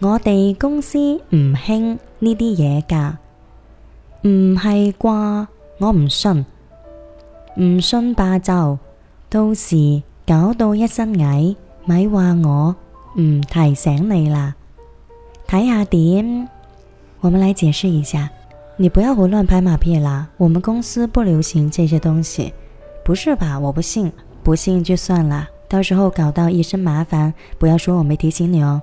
我哋公司唔興呢啲嘢噶，唔係啩？我唔信，唔信罷就，到時搞到一身蟻，咪話我唔提醒你啦。睇下點？我們來解釋一下，你不要胡亂拍馬屁啦。我們公司不流行這些東西，不是吧？我不信，不信就算啦。到時候搞到一身麻煩，不要說我沒提醒你哦。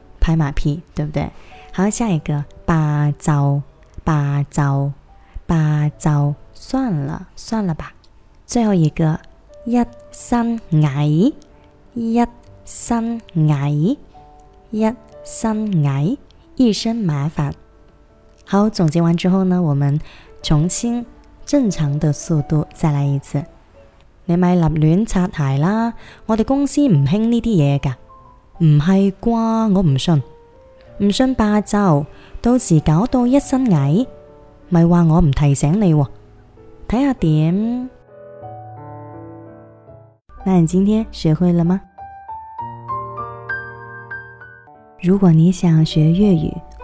拍馬屁，對不對？好，下一個，罷就，罷就，罷就，算了，算了吧。最後一個，一身蟻，一身蟻，一身蟻，蟻，蟻，一身麻煩。好，總結完之後呢，我們重新正常的速度再來一次。你咪立亂擦鞋啦，我哋公司唔興呢啲嘢噶。唔係啩？我唔信，唔信罷就，到時搞到一身蟻，咪話我唔提醒你喎。睇下點？那你今天學會了嗎？如果你想學粵語。